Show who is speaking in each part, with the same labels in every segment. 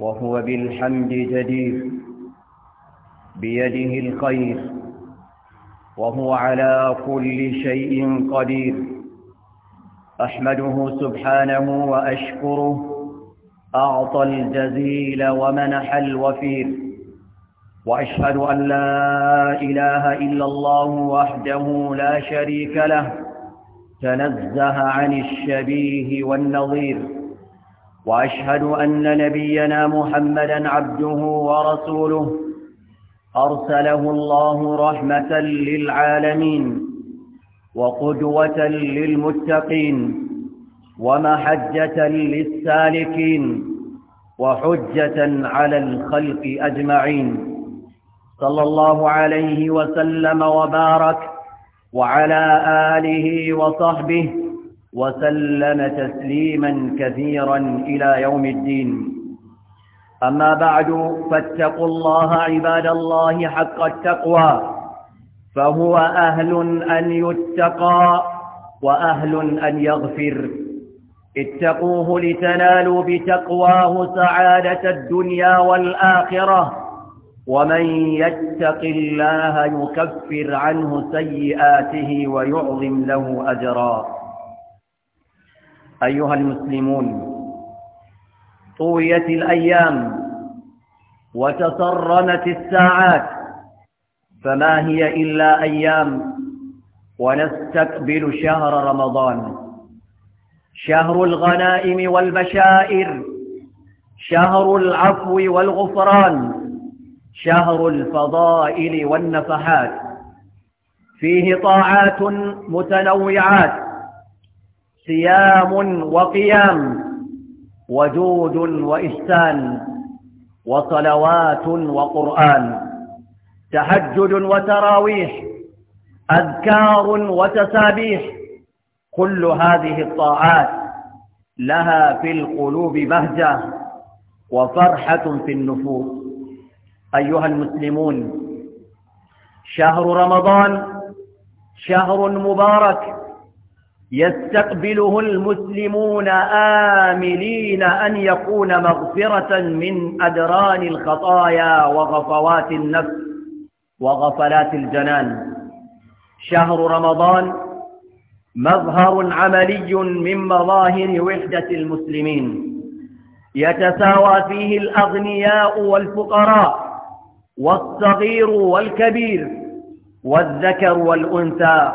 Speaker 1: وهو بالحمد جدير بيده الخير وهو على كل شيء قدير أحمده سبحانه وأشكره أعطى الجزيل ومنح الوفير وأشهد أن لا إله إلا الله وحده لا شريك له تنزه عن الشبيه والنظير وأشهد أن نبينا محمدا عبده ورسوله أرسله الله رحمة للعالمين وقدوة للمتقين ومحجة للسالكين وحجة على الخلق أجمعين صلى الله عليه وسلم وبارك وعلى آله وصحبه وسلم تسليما كثيرا إلى يوم الدين أما بعد فاتقوا الله عباد الله حق التقوى فهو أهل أن يتقى وأهل أن يغفر اتقوه لتنالوا بتقواه سعادة الدنيا والآخرة ومن يتق الله يكفر عنه سيئاته ويعظم له أجرا أيها المسلمون طويت الأيام وتصرنت الساعات فما هي إلا أيام ونستقبل شهر رمضان شهر الغنائم والبشائر شهر العفو والغفران شهر الفضائل والنفحات فيه طاعات متنوعات صيام وقيام وجود وإحسان وصلوات وقرآن تهجد وتراويح أذكار وتسابيح كل هذه الطاعات لها في القلوب بهجة وفرحة في النفوس أيها المسلمون شهر رمضان شهر مبارك يستقبله المسلمون آملين أن يكون مغفرة من أدران الخطايا وغفوات النفس وغفلات الجنان شهر رمضان مظهر عملي من مظاهر وحدة المسلمين يتساوى فيه الأغنياء والفقراء والصغير والكبير والذكر والأنثى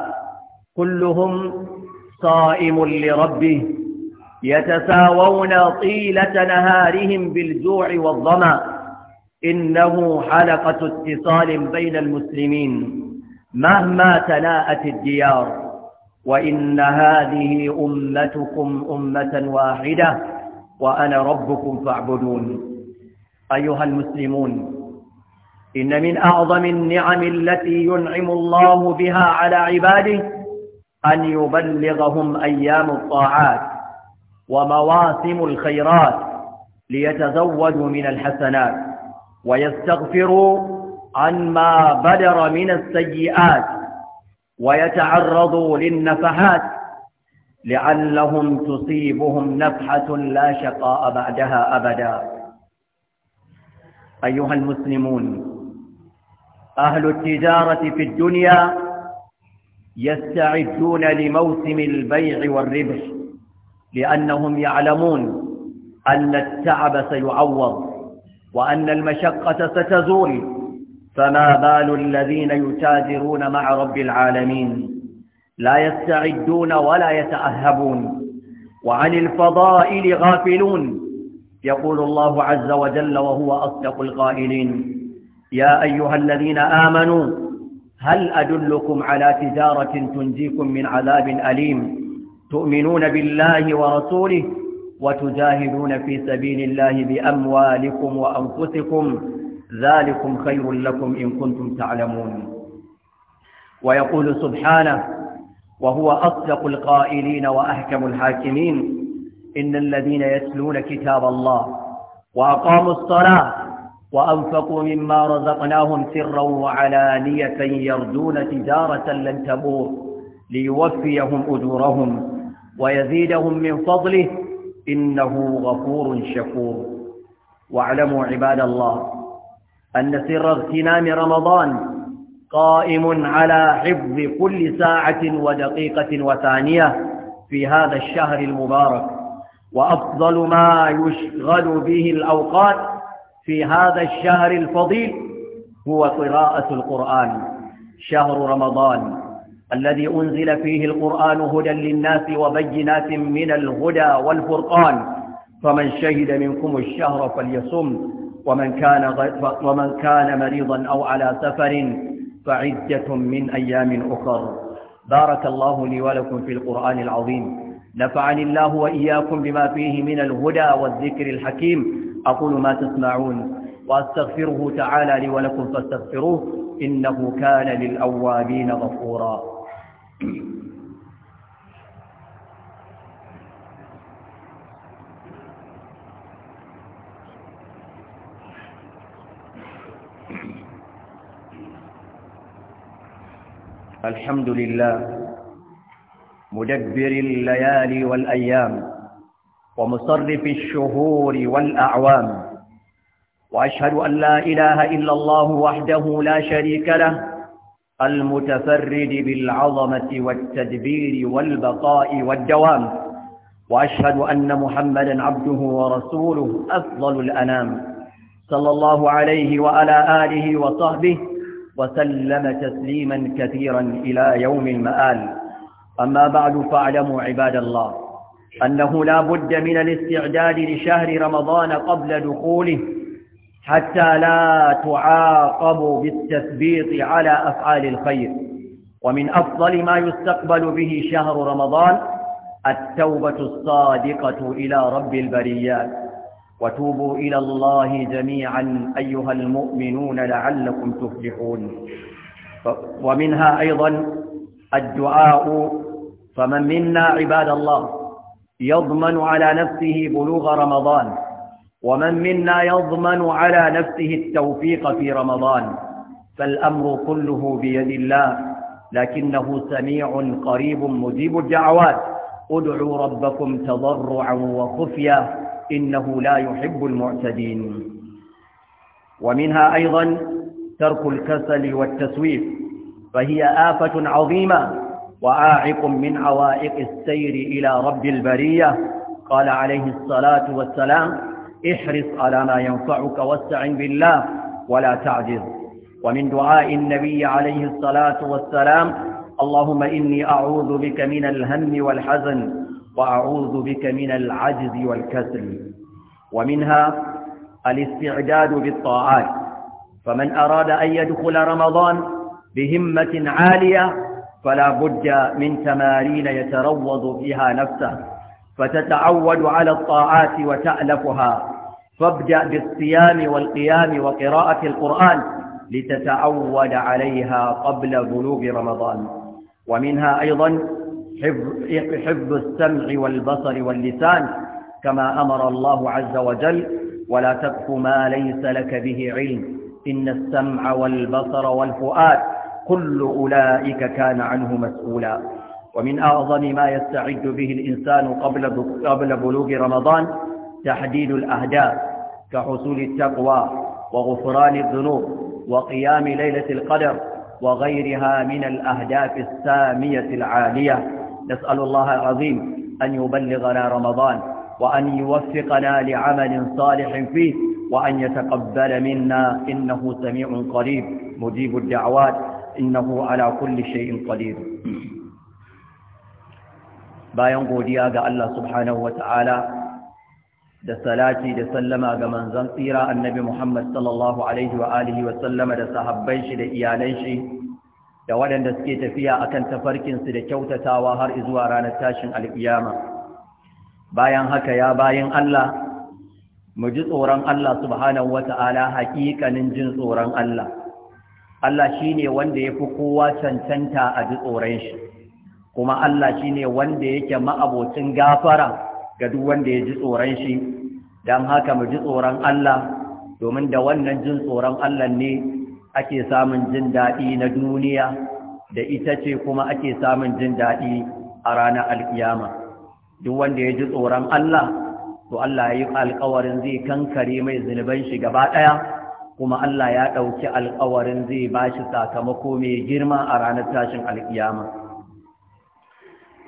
Speaker 1: كلهم صائم لربه يتساوون طيلة نهارهم بالجوع والظمأ إنه حلقة اتصال بين المسلمين مهما تلاءت الديار وإن هذه أمتكم أمة واحدة وأنا ربكم فاعبدون أيها المسلمون إن من أعظم النعم التي ينعم الله بها على عباده أن يبلغهم أيام الطاعات ومواسم الخيرات ليتزودوا من الحسنات ويستغفروا عن ما بدر من السيئات ويتعرضوا للنفحات لعلهم تصيبهم نفحة لا شقاء بعدها أبدا أيها المسلمون أهل التجارة في الدنيا يستعدون لموسم البيع والربح لأنهم يعلمون أن التعب سيعوض وأن المشقة ستزول فما بال الذين يتاجرون مع رب العالمين لا يستعدون ولا يتأهبون وعن الفضائل غافلون يقول الله عز وجل وهو أصدق القائلين يا أيها الذين آمنوا هل أدلكم على تجارة تنجيكم من عذاب أليم تؤمنون بالله ورسوله وتجاهدون في سبيل الله بأموالكم وأنفسكم ذلكم خير لكم إن كنتم تعلمون ويقول سبحانه وهو أصدق القائلين وأحكم الحاكمين إن الذين يتلون كتاب الله وأقاموا الصلاة وأنفقوا مما رزقناهم سرا وعلانية يرجون تجارة لن تبور ليوفيهم أجورهم ويزيدهم من فضله إنه غفور شكور واعلموا عباد الله أن سر اغتنام رمضان قائم على حفظ كل ساعة ودقيقة وثانية في هذا الشهر المبارك وأفضل ما يشغل به الأوقات في هذا الشهر الفضيل هو قراءة القرآن شهر رمضان الذي أنزل فيه القرآن هدى للناس وبينات من الهدى والفرقان فمن شهد منكم الشهر فليصم ومن كان ومن كان مريضا أو على سفر فعدة من أيام أخر بارك الله لي ولكم في القرآن العظيم نفعني الله وإياكم بما فيه من الهدى والذكر الحكيم أقول ما تسمعون وأستغفره تعالى لي ولكم فاستغفروه إنه كان للأوابين غفورا الحمد لله مدبر الليالي والأيام ومصرف الشهور والأعوام وأشهد أن لا إله إلا الله وحده لا شريك له المتفرد بالعظمة والتدبير والبقاء والدوام وأشهد أن محمدا عبده ورسوله أفضل الأنام صلى الله عليه وعلى آله وصحبه وسلم تسليما كثيرا إلى يوم المآل أما بعد فاعلموا عباد الله أنه لا بد من الاستعداد لشهر رمضان قبل دخوله حتى لا تعاقب بالتثبيط على أفعال الخير ومن أفضل ما يستقبل به شهر رمضان التوبة الصادقة إلى رب البريات وتوبوا إلى الله جميعا أيها المؤمنون لعلكم تفلحون ومنها أيضا الدعاء فمن منا عباد الله يضمن على نفسه بلوغ رمضان ومن منا يضمن على نفسه التوفيق في رمضان فالأمر كله بيد الله لكنه سميع قريب مجيب الدعوات ادعوا ربكم تضرعا وخفيا إنه لا يحب المعتدين ومنها أيضا ترك الكسل والتسويف فهي آفة عظيمة وآعق من عوائق السير إلى رب البرية قال عليه الصلاة والسلام احرص على ما ينفعك واستعن بالله ولا تعجز ومن دعاء النبي عليه الصلاة والسلام اللهم إني أعوذ بك من الهم والحزن وأعوذ بك من العجز والكسل ومنها الاستعداد بالطاعات فمن أراد أن يدخل رمضان بهمة عالية فلا بد من تمارين يتروض فيها نفسه فتتعود على الطاعات وتألفها فابدأ بالصيام والقيام وقراءة القرآن لتتعود عليها قبل بلوغ رمضان ومنها أيضا حفظ السمع والبصر واللسان كما أمر الله عز وجل ولا تقف ما ليس لك به علم إن السمع والبصر والفؤاد كل أولئك كان عنه مسؤولا ومن أعظم ما يستعد به الإنسان قبل, قبل بلوغ رمضان تحديد الأهداف كحصول التقوى وغفران الذنوب وقيام ليلة القدر وغيرها من الأهداف السامية العالية نسأل الله العظيم أن يبلغنا رمضان وأن يوفقنا لعمل صالح فيه وأن يتقبل منا إنه سميع قريب مجيب الدعوات innahu ala kulli shay'in qadir bayan godiya ga Allah subhanahu wata'ala da salati da sallama ga manzon tsira annabi Muhammad sallallahu alaihi wa alihi wa sallama da sahabbai shi da iyalan shi da waɗanda suke tafiya akan tafarkin su da kyautatawa har zuwa ranar tashin alkiyama bayan haka ya bayan Allah mu ji tsoron Allah subhanahu wata'ala haƙiƙanin jin tsoron Allah Allah shi ne wanda ya fi kowa cancanta a ji tsoron shi kuma Allah shi ne wanda yake ma'abocin gafara ga duk wanda ya ji tsoron shi don haka mu ji tsoron Allah domin da wannan jin tsoron Allah ne ake samun jin daɗi na duniya da ita ce kuma ake samun jin daɗi a ranar alkiyama duk wanda ya ji tsoron Allah to Allah ya yi alkawarin zai kankare mai zunuban shi gaba ɗaya kuma Allah ya ɗauki alƙawarin zai ba shi sakamako mai girma a ranar tashin alƙiyama.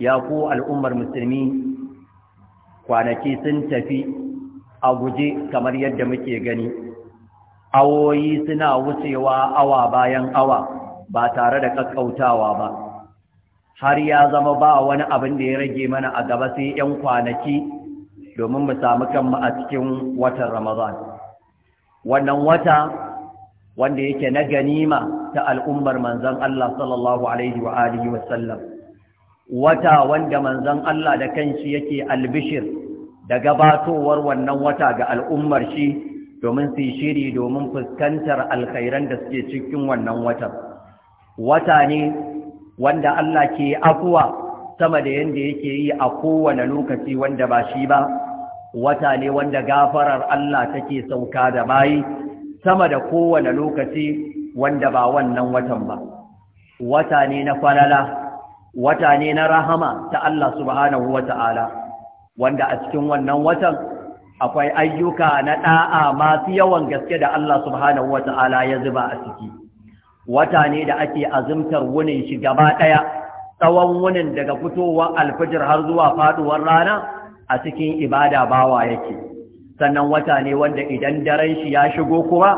Speaker 1: Ya ku al'ummar musulmi kwanaki sun tafi a guje kamar yadda muke gani, awoyi suna wucewa awa bayan awa ba tare da ƙaƙƙautawa ba. Har ya zama ba wani abin da ya rage mana a gaba sai ‘yan kwanaki domin mu samu kanmu a cikin watan Ramadan. wannan wata wanda yake na ganima ta al'ummar manzan Allah sallallahu alaihi wa alihi wa sallam wata wanda manzan Allah da kanshi yake albishir da gabatowar wannan wata ga al'ummar shi domin su shiri domin fuskantar alkhairan da suke cikin wannan watan wata ne wanda Allah ke afuwa sama da yanda yake yi a kowane lokaci wanda ba shi ba wata ne wanda gafarar Allah take sauka da bayi sama da kowane lokaci wanda ba wannan watan ba wata ne na falala wata ne na rahama ta Allah subhanahu wata'ala wanda a cikin wannan watan akwai ayyuka na da'a masu yawan gaske da Allah subhanahu wata'ala ya zuba a ciki wata ne da ake azumtar wunin shi gaba daya tsawon wunin daga fitowar alfijir har zuwa faduwar rana a cikin ibada bawa yake sannan wata ne wanda idan daren shi ya shigo kuma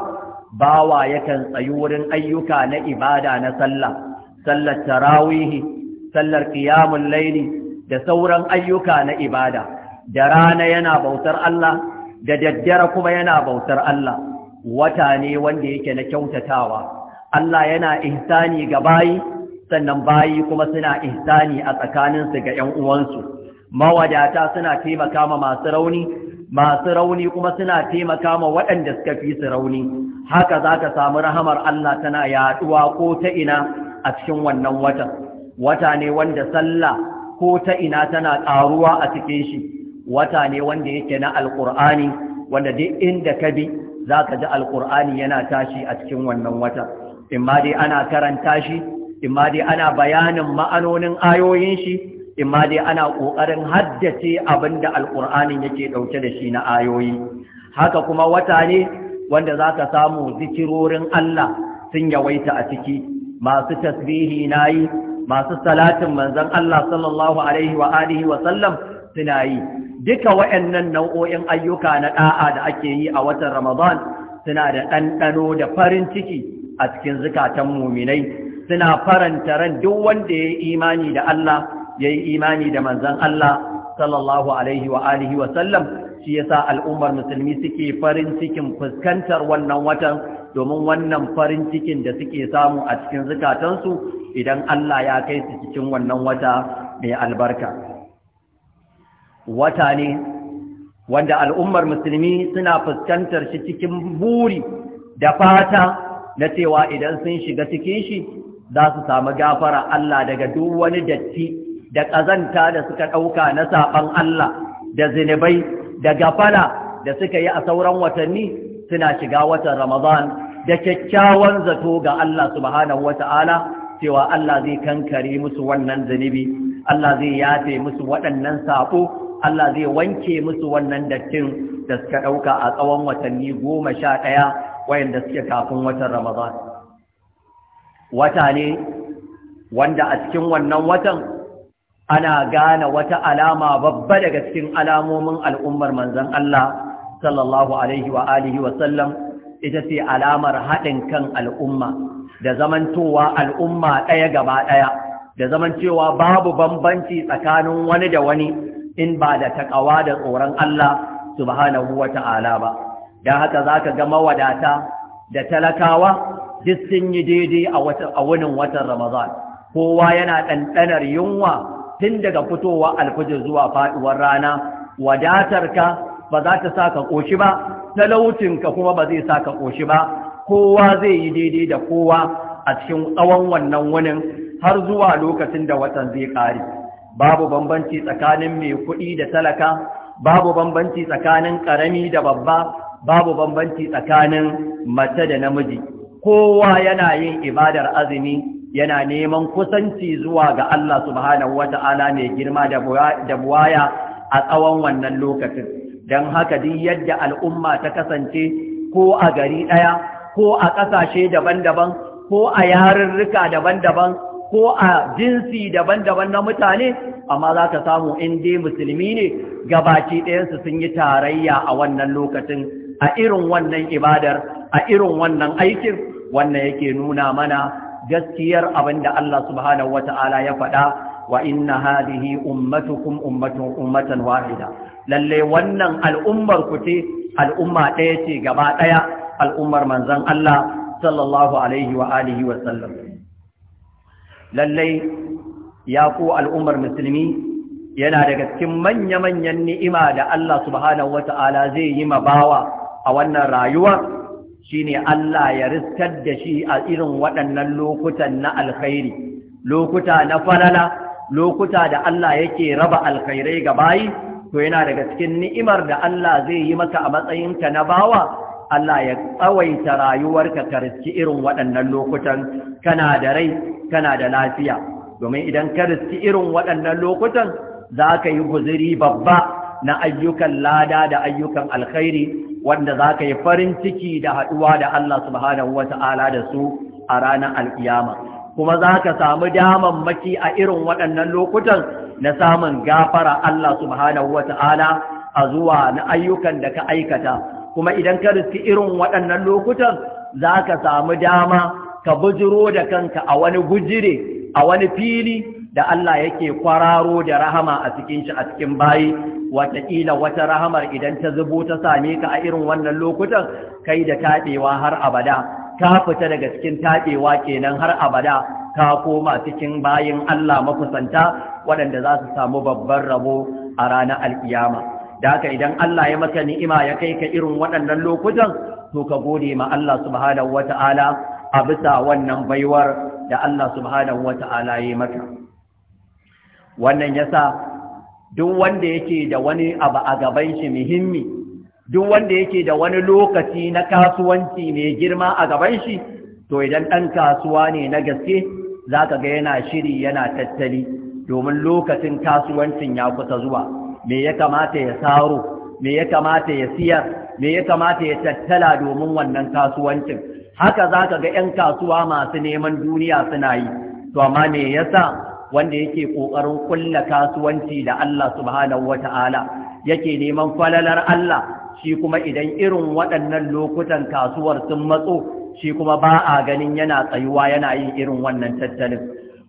Speaker 1: bawa yakan tsayu wurin ayyuka na ibada na sallah sallar tarawihi sallar qiyamul laili da sauran ayyuka na ibada da rana yana bautar Allah da daddare kuma yana bautar Allah wata ne wanda yake na kyautatawa Allah yana ihsani ga bayi sannan bayi kuma suna ihsani a tsakaninsu ga ƴan uwansu mawadata suna taimaka ma masu rauni masu rauni kuma suna taimaka ma waɗanda suka fi su rauni haka za ka samu rahamar Allah tana yaɗuwa ko ta ina a cikin wannan watan wata ne wanda sallah ko ta ina tana ƙaruwa a cikin shi wata ne wanda yake na alƙur'ani wanda duk inda ka bi za ka ji alƙur'ani yana tashi a cikin wannan wata in dai ana karanta shi in dai ana bayanin ma'anonin ayoyin shi imma dai ana ƙoƙarin haddace abin da alƙur'anin yake ɗauke da shi na ayoyi haka kuma wata ne wanda za ka samu zikirorin Allah sun yawaita a ciki masu tasbihi na yi masu salatin manzan Allah sallallahu alaihi wa alihi wa sallam suna yi duka waɗannan nau'o'in ayyuka na ɗa'a da ake yi a watan Ramadan suna da ɗanɗano da farin ciki a cikin zukatan muminai suna faranta ran duk wanda ya yi imani da Allah ya yi imani da manzan Allah sallallahu alaihi wa alihi wa sallam shi yasa al'ummar musulmi suke farin cikin fuskantar wannan watan domin wannan farin cikin da suke samu a cikin zukatansu idan Allah ya kai su cikin wannan wata mai albarka wata ne wanda al'ummar musulmi suna fuskantar shi cikin buri da fata na cewa idan sun shiga cikin shi za su samu gafara Allah daga duk wani datti da ƙazanta da suka ɗauka na saɓan Allah da zinubai da gafala da suka yi a sauran watanni suna shiga watan Ramadan da kyakkyawan zato ga Allah subhanahu wata'ala cewa Allah zai kankare musu wannan zunubi Allah zai yafe musu waɗannan saɓo Allah zai wanke musu wannan dattin da suka ɗauka a tsawon watanni goma sha ɗaya wayanda suke kafin watan Ramadan. Wata ne wanda a cikin wannan watan ana gane wata alama babba daga cikin alamomin al'ummar manzon Allah sallallahu alaihi wa alihi ita ce alamar haɗin kan al'umma da zamantowa al'umma ɗaya gaba ɗaya da zamancewa babu bambanci tsakanin wani da wani in ba da taƙawa da tsoron Allah subhanahu ba don haka za ka ga mawadata da talakawa duk sun yi daidai a wunin watan Ramazan, kowa yana ɗanɗanar yunwa tun daga fitowa alfajir zuwa faɗuwar rana wadatarka ba za ta sa ka ƙoshi ba talautinka kuma ba zai sa ka ƙoshi ba kowa zai yi daidai da kowa a cikin tsawon wannan wunin har zuwa lokacin da watan zai ƙare babu bambanci tsakanin mai kuɗi da talaka babu bambanci tsakanin ƙarami da babba babu bambanci tsakanin mace da namiji kowa yana yin ibadar azumi yana neman kusanci zuwa ga Allah subhanahu Ta'ala mai girma da buwaya a tsawon wannan lokacin don haka duk yadda al'umma ta kasance ko a gari ɗaya ko a ƙasashe daban-daban ko a yarurruka daban-daban ko a jinsi daban-daban na mutane amma za ka samu in dai musulmi ne gabaci ɗayansu sun yi tarayya a wannan lokacin a irin wannan ibadar a irin wannan aikin wannan yake nuna mana gaskiyar abin da Allah subhanahu ta'ala ya faɗa wa inna hadhihi ummatukum ummatun ummatan wahida lalle wannan al'ummar ku ce al'umma ɗaya ce gaba ɗaya al'ummar manzon Allah sallallahu alaihi wa alihi wa sallam lalle ya ku al'ummar musulmi yana daga cikin manya-manyan ni'ima da Allah subhanahu ta'ala zai yi ma bawa a wannan rayuwar. shine Allah ya riskar da shi a irin waɗannan lokutan na alkhairi lokuta na falala lokuta da Allah yake raba alkhairai ga bayi to yana daga cikin ni'imar da Allah zai yi maka a matsayinka na bawa Allah ya tsawaita rayuwarka ka riski irin waɗannan lokutan kana da rai kana da lafiya domin idan ka riski irin waɗannan lokutan za ka yi guziri babba na ayyukan lada da ayyukan alkhairi wanda za ka yi farin ciki da haɗuwa da Allah subhanahu wa ta'ala da su a ranar al'iyama kuma za ka samu daman maki a irin waɗannan lokutan na samun gafara Allah subhanahu wa ta'ala a zuwa na ayyukan da ka aikata kuma idan ka riski irin waɗannan lokutan za ka samu dama ka bujiro da kanka a wani gujire a wani fili da Allah yake kwararo da rahama a cikin shi a cikin bayi wataƙila wata rahamar idan ta zubo ta same ka a irin wannan lokutan kai da taɓewa har abada ka fita daga cikin taɓewa kenan har abada ka koma cikin bayin Allah makusanta waɗanda za su samu babban rabo a ranar alkiyama da haka idan Allah ya maka ni'ima ya kai ka irin waɗannan lokutan to ka gode ma Allah subhanahu wata'ala a bisa wannan baiwar da Allah subhanahu wata'ala ya maka wannan yasa duk wanda yake da wani abu a gaban shi muhimmi duk wanda yake da wani lokaci na kasuwanci mai girma a gaban shi to idan ɗan kasuwa ne na gaske za ka ga yana shiri yana tattali domin lokacin kasuwancin ya kusa zuwa me ya kamata ya saro me ya kamata ya siyar me ya kamata ya tattala domin wannan kasuwancin haka za ka ga 'yan kasuwa masu neman duniya suna yi to amma me yasa wanda yake ƙoƙarin kulla kasuwanci da Allah subhanahu Ta'ala yake neman falalar Allah shi kuma idan irin waɗannan lokutan kasuwar sun matso shi kuma ba a ganin yana tsayuwa yana yin irin wannan tattalin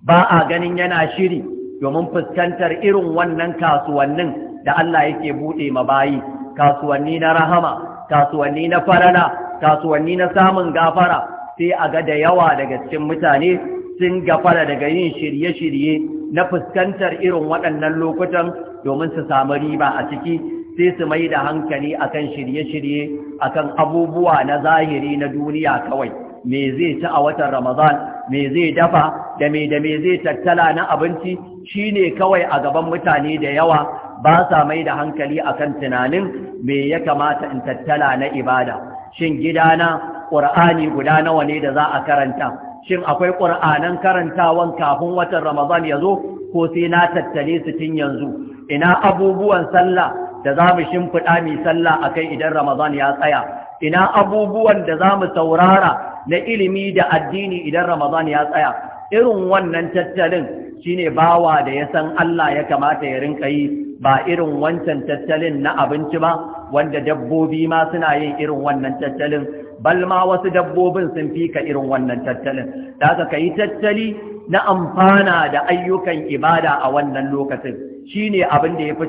Speaker 1: ba a ganin yana shiri domin fuskantar irin wannan kasuwannin da Allah yake buɗe ma bayi kasuwanni na rahama kasuwanni na farala kasuwanni na samun gafara sai a ga da yawa daga cikin mutane sun gafara daga yin shirye-shirye na fuskantar irin waɗannan lokutan domin su samu riba a ciki sai su mai da hankali akan shirye-shirye akan abubuwa na zahiri na duniya kawai me zai ci a watan ramadan me zai dafa da me da me zai tattala na abinci shine kawai a gaban mutane da yawa ba sa mai da hankali akan tunanin me ya kamata in tattala na ibada shin gidana ƙur'ani guda nawa ne da za a karanta shin akwai ƙur'anan karantawan kafin watan ramadan ya zo ko sai na tattale su tun yanzu ina abubuwan sallah da za mu shimfiɗa mai sallah a kai idan ramadan ya tsaya ina abubuwan da za mu saurara na ilimi da addini idan ramadan ya tsaya irin wannan tattalin shine bawa da ya san allah ya kamata ya rinka yi ba irin wancan tattalin na abinci ba wanda dabbobi ma suna yin irin wannan tattalin bal ma wasu dabbobin sun fi ka irin wannan tattalin da aka yi tattali na amfana da ayyukan ibada a wannan lokacin shine abin da ya fi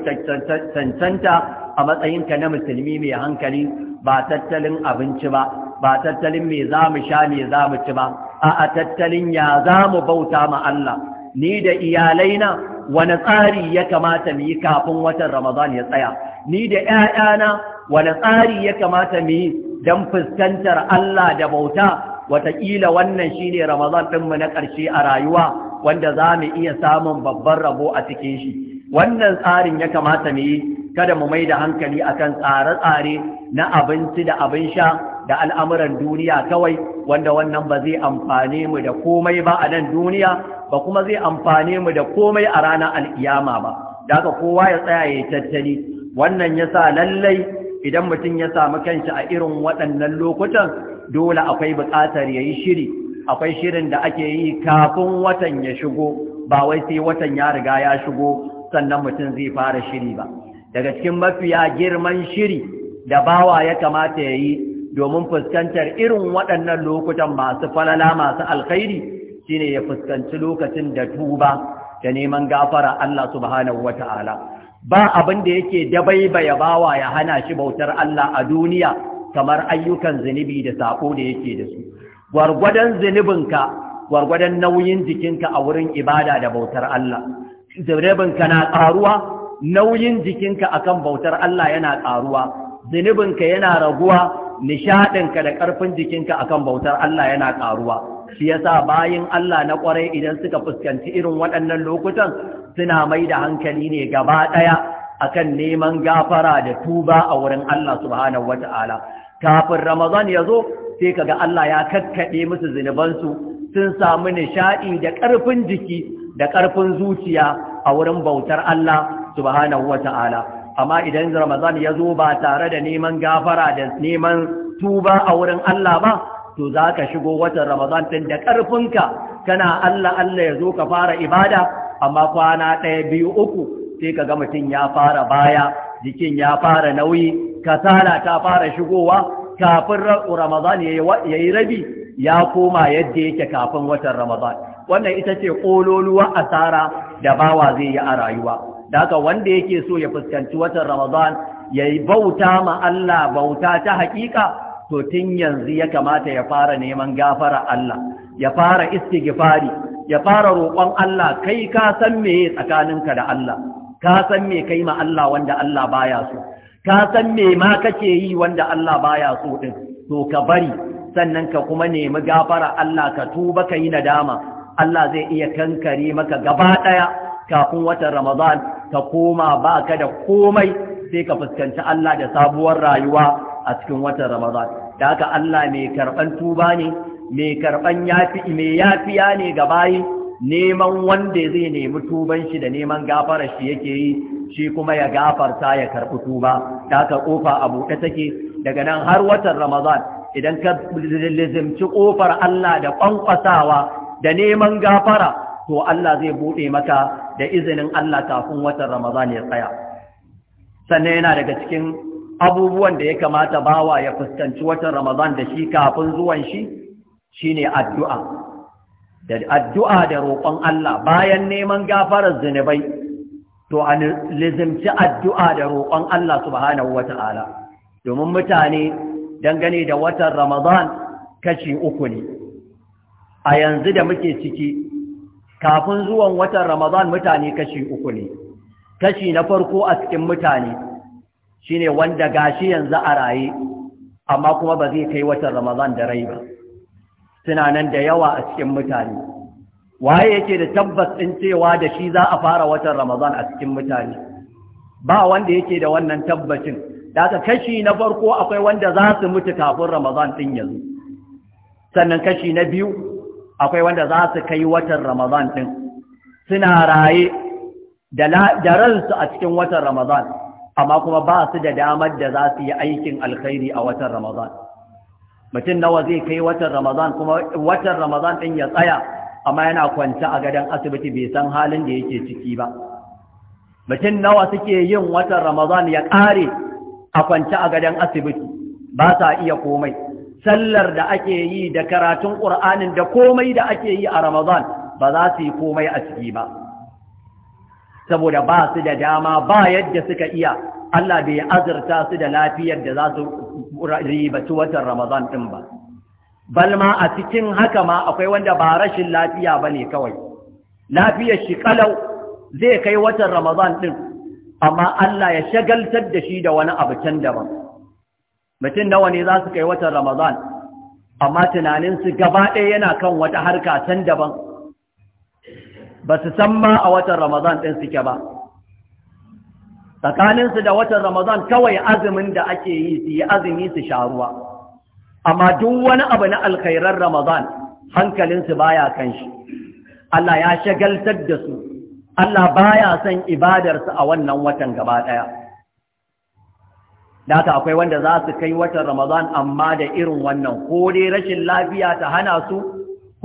Speaker 1: cancanta a matsayinka na musulmi mai hankali ba tattalin abinci ba ba tattalin me za mu sha me za mu ci ba a tattalin ya za mu bauta ma Allah ni da iyalaina wani tsari ya kamata mu yi kafin watan Ramadan ya tsaya, ni da ‘ya'yana wani tsari ya kamata mu yi don fuskantar Allah da bauta wataƙila wannan shine ramazan ɗinmu na ƙarshe a rayuwa wanda za mu iya samun babban rabo a cikin shi wannan tsarin ya kamata mu yi kada mu mai da hankali akan tsare-tsare na abinci da abin sha da al'amuran duniya kawai wanda wannan ba zai amfane mu da komai ba a nan duniya ba kuma zai amfane mu da komai a ranar al'iyama ba da kowa ya tsaya ya tattali wannan ya sa lallai idan mutum ya samu kanshi a irin waɗannan lokutan dole akwai buƙatar ya yi shiri akwai shirin da ake yi kafin watan ya shigo ba wai sai watan ya riga ya shigo sannan mutum zai fara shiri ba daga cikin mafiya girman shiri da bawa ya kamata ya yi domin fuskantar irin waɗannan lokutan masu falala masu alkhairi shine ya fuskanci lokacin da tuba da neman gafara Allah subhanahu wata'ala ba abin da yake dabaibaya bawa ya hana shi bautar Allah a duniya kamar ayyukan zunubi da saƙo da yake da su gwargwadon zunubinka gwargwadon nauyin jikinka a wurin ibada da bautar Allah zunubinka na ƙaruwa nauyin jikinka akan bautar Allah yana ƙaruwa zunubinka yana raguwa nishaɗinka da ƙarfin jikinka akan bautar Allah yana ƙaruwa shi yasa bayin Allah na kwarai idan suka fuskanci irin waɗannan lokutan suna mai da hankali ne gaba ɗaya akan neman gafara da tuba a wurin Allah subhanahu wata'ala kafin Ramadan ya zo sai kaga Allah ya kakkaɗe musu zunubansu sun samu nishaɗi da ƙarfin jiki da ƙarfin zuciya a wurin bautar Allah subhanahu wata'ala amma idan Ramadan ya zo ba tare da neman gafara da neman tuba a wurin Allah ba to za ka shigo watan ramadan ɗin da ƙarfinka kana Allah Allah ya zo ka fara ibada amma kwana ɗaya biyu uku sai ka ga mutum ya fara baya jikin ya fara nauyi kasala ta fara shigowa kafin ramadan ya yi rabi ya koma yadda yake kafin watan ramadan wannan ita ce ƙololuwa asara da bawa zai yi a rayuwa da haka wanda yake so ya fuskanci watan ramadan ya bauta ma Allah bauta ta haƙiƙa to tun yanzu ya kamata ya fara neman gafara Allah ya fara istighfari ya fara roƙon Allah kai ka san me tsakaninka da Allah ka san me kai ma Allah wanda Allah baya so ka san me ma kake yi wanda Allah baya so din to ka bari sannan ka kuma nemi gafara Allah ka tuba ka yi nadama Allah zai iya kankare maka gaba daya kafin watan Ramadan ka koma baka da komai sai ka fuskanci Allah da sabuwar rayuwa a cikin watan ramadan da haka Allah mai karban tuba ne mai karban yafi mai yafiya ne ga bayi neman wanda zai nemi tuban shi da neman gafara shi yake yi shi kuma ya gafarta ya karɓi tuba da haka kofa a buɗe take daga nan har watan ramadan idan ka lizimci ƙofar Allah da ƙwanƙwasawa da neman gafara to Allah zai buɗe maka da izinin Allah kafin watan Ramadan ya tsaya sannan yana daga cikin abubuwan da ya kamata bawa ya fuskanci watan Ramadan da shi kafin zuwan shi shine addu'a da addu'a da roƙon Allah bayan neman gafarar zunubai to an lizimci addu'a da roƙon Allah subhanahu wata'ala domin mutane dangane da watan Ramadan kashi uku ne a yanzu da muke ciki kafin zuwan watan Ramadan mutane kashi uku ne kashi na farko a cikin mutane shine wanda gashi yanzu a raye amma kuma ba zai kai watan Ramadan da rai ba suna nan da yawa a cikin mutane waye yake da tabbas ɗin cewa da shi za a fara watan Ramadan a cikin mutane ba wanda yake da wannan tabbacin daga kashi na farko akwai wanda za su mutu kafin Ramadan din yanzu sannan kashi na biyu akwai wanda za su kai watan Ramadan ɗin. suna raye da ransu a cikin watan Ramadan amma kuma ba su da damar da za su yi aikin alkhairi a watan ramazan mutum nawa zai kai watan ramazan kuma watan ramazan din ya tsaya amma yana kwanta a gadon asibiti bai san halin da yake ciki ba mutum nawa suke yin watan ramazan ya ƙare a kwanta a gadon asibiti ba sa iya komai sallar da ake yi da karatun ƙur'anin da komai da ake yi a Ramadan ba za su yi komai a ciki ba saboda ba su da dama ba yadda suka iya Allah bai azurta su da lafiyar da za su ribaci watan Ramadan ɗin ba. Balma a cikin haka ma akwai wanda ba rashin lafiya ba ne kawai, lafiyar shi kalau zai kai watan Ramadan ɗin, amma Allah ya shagaltar da shi da wani abu can daban. Mutum nawa ne za su kai watan Ramadan, amma tunaninsu gaba ɗaya yana kan wata harka can daban. ba su san ma a watan ramazan ɗin suke ba tsakaninsu da watan ramadan kawai azumin da ake yi su yi azumi su sha ruwa amma duk wani abu na alkhairar ramadan hankalinsu baya kan shi Allah ya shagaltar da su Allah baya son ibadarsu a wannan watan gaba ɗaya Data akwai wanda za su kai watan Ramadan amma da irin wannan ko dai rashin lafiya ta hana su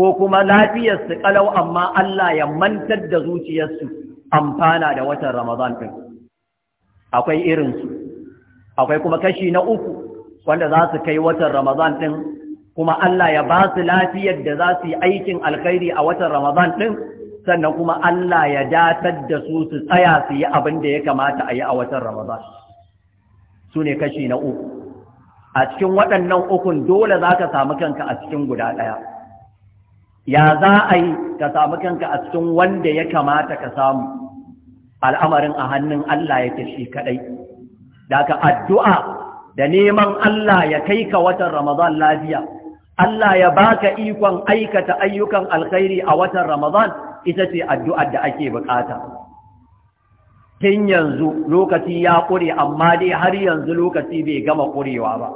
Speaker 1: ko kuma lafiyarsu kalau amma Allah ya mantar da zuciyarsu amfana da watan Ramadan ɗin. Akwai irinsu, akwai kuma kashi na uku wanda za su kai watan Ramadan ɗin, kuma Allah ya ba su lafiyar da za su yi aikin alkhairi a watan Ramadan ɗin, sannan kuma Allah ya datar da su su tsaya su yi abin da ya kamata a yi a watan Ramadan. Su ne kashi na uku. A cikin waɗannan ukun dole za ka samu kanka a cikin guda ɗaya. ya za a yi ka samu kanka a cikin wanda ya kamata ka samu al'amarin a hannun Allah ya shi kaɗai da ka addu'a da neman Allah ya kai ka watan Ramadan lafiya Allah ya baka ikon aikata ayyukan alkhairi a watan Ramadan ita ce addu'ar da ake bukata tun yanzu lokaci ya ƙure amma dai har yanzu lokaci bai gama ƙurewa ba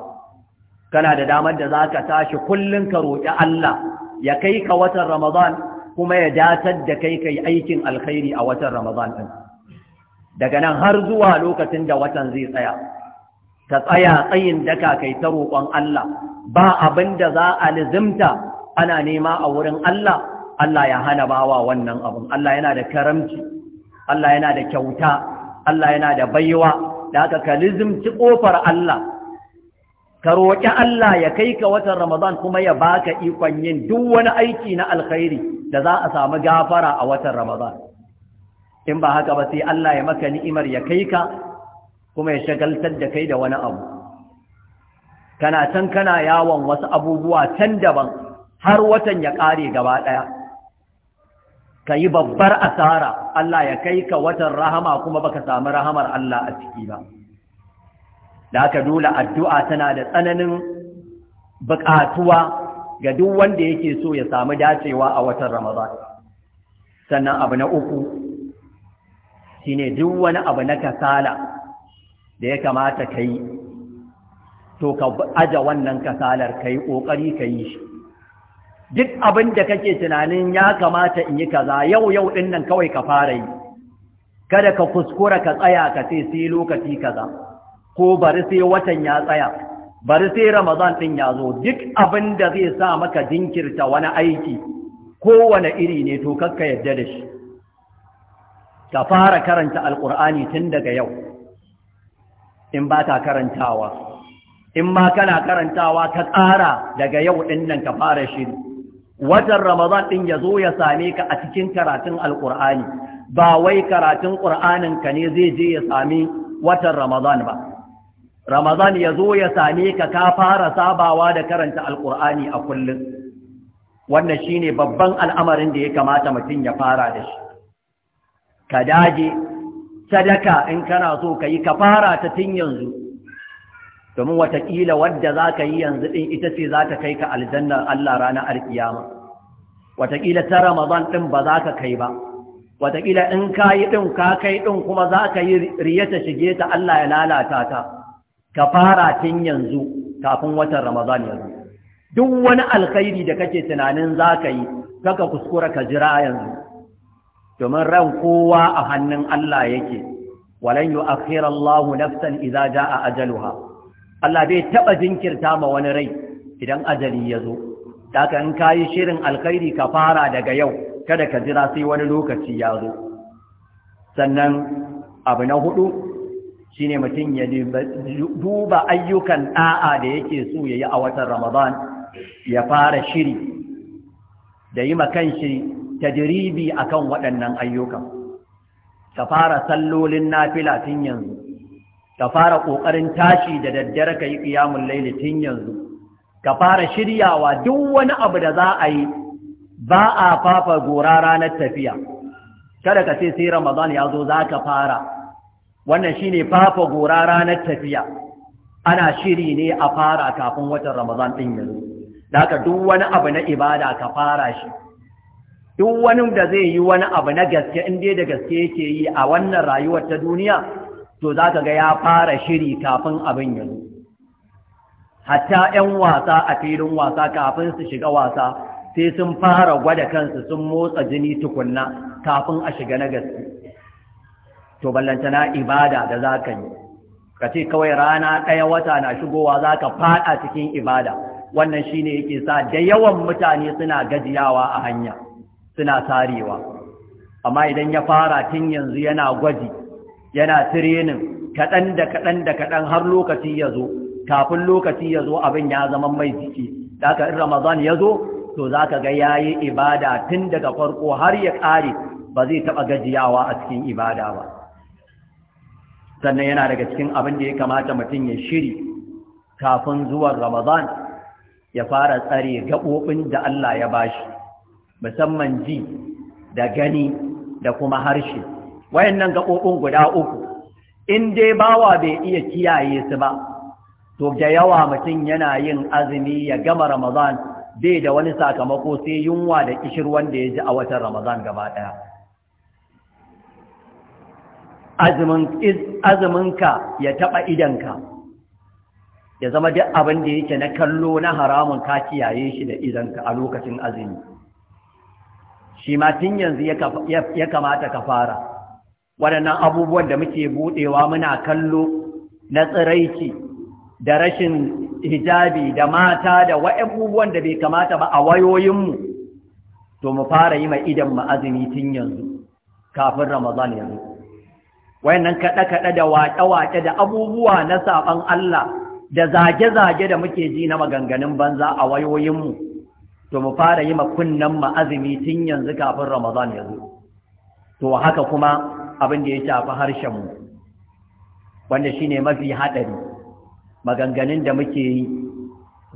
Speaker 1: kana da damar da za ka tashi kullum ka roƙi Allah ya kai ka watan Ramadan kuma ya datar da kai kai aikin alkhairi a watan Ramadan ɗin? daga nan har zuwa lokacin da watan zai tsaya ka tsaya tsayin daka kai ta roƙon Allah ba abin da za a lizimta ana nema a wurin Allah Allah ya hana bawa wannan abin Allah yana da karamci Allah yana da kyauta Allah yana da baiwa da aka ka lizimci ƙofar Allah ka roƙi Allah ya kai ka watan Ramadan kuma ya baka ikon yin duk wani aiki na alkhairi da za a samu gafara a watan Ramadan in ba haka ba sai Allah ya maka ni'imar ya kai ka kuma ya shagaltar da kai da wani abu kana can kana yawon wasu abubuwa can daban har watan ya ƙare gaba ɗaya ka yi babbar asara Allah ya kai ka watan rahama kuma baka samu rahamar Allah a ciki ba da haka dole addu'a tana da tsananin buƙatuwa ga duk wanda yake so ya samu dacewa a watan Ramadan sannan abu na uku shi ne duk wani abu na kasala da ya kamata ka yi to ka aja wannan kasalar ka yi ƙoƙari ka yi shi duk abin da kake tunanin ya kamata in yi kaza yau yau ɗin nan kawai ka fara yi kada ka kuskura ka tsaya ka ce sai lokaci kaza ko bari sai watan ya tsaya bari sai ramadan din ya zo duk abin da zai sa maka jinkirta wani aiki kowane iri ne to kakka yadda da shi ka fara karanta alkur'ani tun daga yau in ba ta karantawa in ma kana karantawa ka tsara daga yau din nan ka fara shiri watan ramadan ɗin ya zo ya same ka a cikin karatun alkur'ani ba wai karatun ƙur'anin ka ne zai je ya sami watan ramadan ba Ramazan ya zo ya same ka ka fara sabawa da karanta Alƙur'ani a kullum. Wannan shi ne babban al'amarin da ya kamata mutum ya fara da shi. Ka daje, sadaka in kana so ka yi ka fara ta tun yanzu, domin watakila wadda za ka yi yanzu ɗin ita ce za ta kai ka aljannar Allah ranar alkiyama. Watakila ta Ramazan ɗin ba za ka kai ba, watakila in ka yi ɗin ka kai ɗin kuma za ka yi riyata shige ta Allah ya lalata ta. ka fara tun yanzu kafin watan ramadan ya zo duk wani alkhairi da kake tunanin za ka yi kaka kuskura ka jira yanzu domin ran kowa a hannun Allah yake walan yu Lahu Allahu nafsan idza jaa ajaluha Allah bai taɓa jinkirta ma wani rai idan ajali ya zo haka in kayi shirin alkhairi ka fara daga yau kada ka jira sai wani lokaci ya zo sannan abu na hudu ne mutum ya duba ayyukan ɗa'a da yake so ya yi a watan Ramadan ya fara shiri da yi makan shi ta a kan waɗannan ayyukan ka fara sallolin nafila tun yanzu ka fara ƙoƙarin tashi da daddare ka yi ƙiyamun laili tun yanzu ka fara shiryawa duk wani abu da za a yi ba a fafa gora ranar tafiya kada ka ce sai ramadan ya zo za ka fara wannan shine fafa gora ranar tafiya ana shiri ne a fara kafin watan ramadan din yanzu daga duk wani abu na ibada ka fara shi duk wani da zai yi wani abu na gaske in dai da gaske yake yi a wannan rayuwar ta duniya to zaka ga ya fara shiri kafin abin yanzu hatta 'yan wasa a filin wasa kafin su shiga wasa sai sun fara gwada kansu sun motsa jini tukunna kafin a shiga na gaske to ballantana ibada da za ka yi ka ce kawai rana ɗaya wata na shigowa za ka faɗa cikin ibada wannan shi ne yake sa da yawan mutane suna gajiyawa a hanya suna sarewa amma idan ya fara tun yanzu yana gwaji yana tirenin kaɗan da kaɗan da kaɗan har lokaci ya zo kafin lokaci ya zo abin ya zama mai jiki da aka in ramadan ya zo to za ka ga ya yi ibada tun daga farko har ya ƙare ba zai taɓa gajiyawa a cikin ibada ba sannan yana daga cikin abin da ya kamata mutum ya shiri kafin zuwan ramadan ya fara tsare gaɓoɓin da Allah ya ba shi, musamman ji da gani da kuma harshe wayannan gaɓoɓin guda uku in dai bawa bai iya kiyaye su ba to da yawa mutum yana yin azumi ya gama ramadan bai da wani sakamako sai yunwa da kishirwan da ya ji a watan ramadan gaba ɗaya azuminka ya taɓa idanka ya zama duk abin da yake na kallo na haramun ka kiyaye shi da idanka a lokacin azumi shi ma tun yanzu ya kamata ka fara waɗannan abubuwan da muke buɗewa muna kallo na tsiraiki da rashin hijabi da mata da abubuwan da bai kamata ba a wayoyinmu to mu fara yi wa idan mu tun yanzu kafin ramazan yanzu Wannan kaɗe-kaɗe da waƙe-waƙe da abubuwa na saɓan Allah da zage-zage da muke ji na maganganun banza a wayoyinmu to mu fara yi makunnan azumi tun yanzu kafin Ramadan ya zo to haka kuma abin da ya shafi harshen mu wanda shine mafi haɗari maganganun da muke yi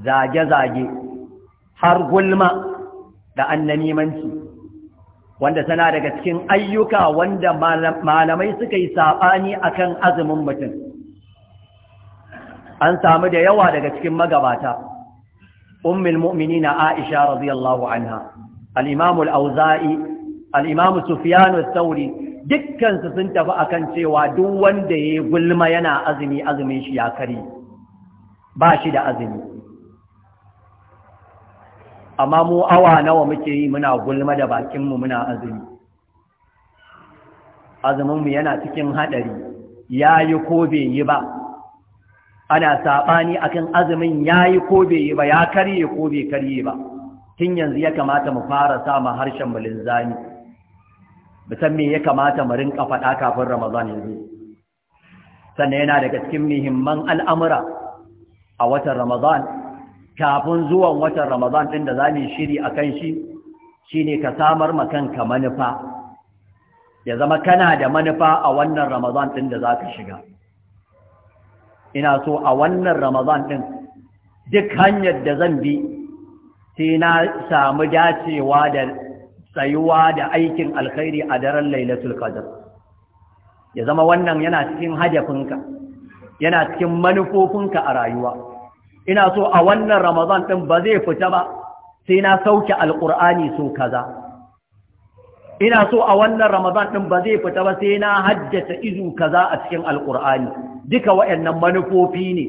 Speaker 1: zage-zage har gulma da annanimanci wanda tana daga cikin ayyuka wanda malamai suka yi saɓani akan azumin mutum an samu da yawa daga cikin magabata ummul mu'minina aisha radiyallahu anha al auzai al-imam sauri dukkansu sun tafi akan cewa duk wanda yayi gulma yana azumi azumin shi ya kare ba shi da azumi amma mu awa nawa muke yi muna gulma da bakinmu muna azumi azuminmu yana cikin haɗari ya yi ko bai yi ba ana saɓani akan azumin ya yi ko bai yi ba ya karye ko bai karye ba tun yanzu ya kamata mu fara sama harshen mulin zani musamman ya kamata mu rinka faɗa kafin ramadan yanzu sannan yana daga cikin muhimman al'amura a watan ramadan kafin zuwan watan ramadan ɗin da za mu shiri a kan shi shi ne ka samar kanka manufa ya zama kana da manufa a wannan ramadan ɗin da za ka shiga ina so a wannan ramadan ɗin duk hanyar da zan bi sai na samu dacewa da tsayuwa da aikin alkhairi a daren lailatul qadr ya zama wannan yana cikin hadafinka yana cikin manufofinka a rayuwa ina so a wannan ramadan ɗin ba zai fita ba sai na sauke alƙur'ani so kaza ina so a wannan ramadan ɗin ba zai fita ba sai na haddata izu kaza a cikin alƙur'ani duka waɗannan manufofi ne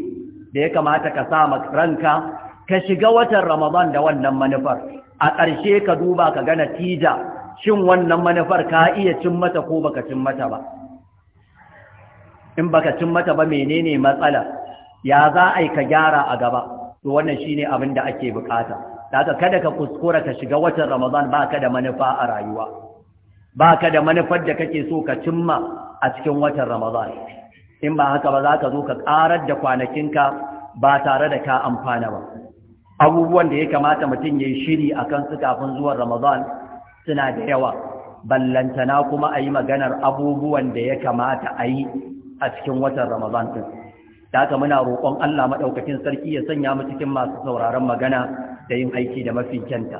Speaker 1: da ya kamata ka sa ranka ka shiga watan ramadan da wannan manufar a ƙarshe ka duba ka ga natija shin wannan manufar ka iya cin mata ko baka cin mata ba in baka cin mata ba menene matsala ya za a yi ka gyara a gaba to wannan shine abin da ake bukata daga kada ka kuskura ka shiga watan ramadan baka da manufa a rayuwa baka da manufar da kake so ka cimma a cikin watan ramadan in ba haka ba za ka zo ka ƙarar da kwanakinka ba tare da ka amfana ba abubuwan da ya kamata mutum ya yi shiri a kan su kafin zuwan ramadan suna da yawa ballantana kuma a yi maganar abubuwan da ya kamata a yi a cikin watan ramadan ɗin da haka muna roƙon Allah maɗaukakin sarki ya sanya mu cikin masu sauraron magana da yin aiki da mafi kyanta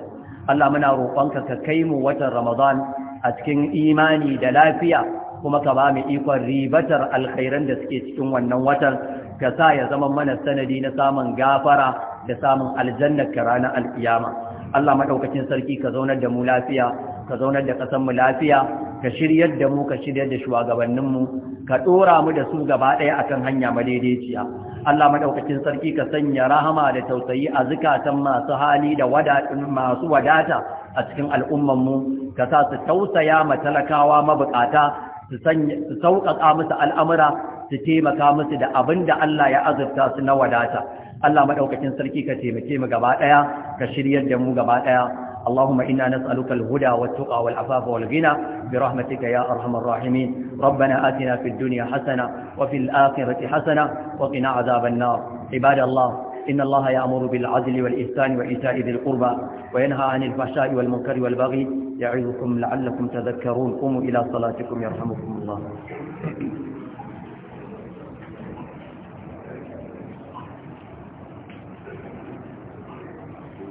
Speaker 1: Allah muna roƙonka ka kai mu watan Ramadan a cikin imani da lafiya kuma ka ba mu ikon ribatar alkhairan da suke cikin wannan watan ka sa ya zama mana sanadi na samun gafara da samun aljannar ka ranar alkiyama Allah maɗaukacin sarki ka zaunar da mu lafiya ka zaunar da ƙasar lafiya ka shiryar da mu ka shiryar da shugabanninmu ka ɗora mu da su gaba ɗaya akan hanya madaidaiciya Allah madaukakin sarki ka sanya rahama da tausayi a zukatan masu hali da masu wadata a cikin al'ummanmu ka sa su tausaya ma talakawa mabukata su sauƙaƙa musu al'amura su taimaka musu da abin da Allah ya azurta su na wadata Allah madaukakin sarki ka taimake mu gaba ɗaya ka shiryar da mu gaba ɗaya اللهم إنا نسألك الهدى والتقى والعفاف والغنى برحمتك يا أرحم الراحمين ربنا آتنا في الدنيا حسنة وفي الآخرة حسنة وقنا عذاب النار عباد الله إن الله يأمر بالعدل والإحسان وإيتاء ذي القربى وينهى عن الفحشاء والمنكر والبغي يعظكم لعلكم تذكرون قوموا إلى صلاتكم يرحمكم الله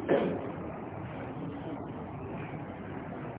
Speaker 1: Thank you.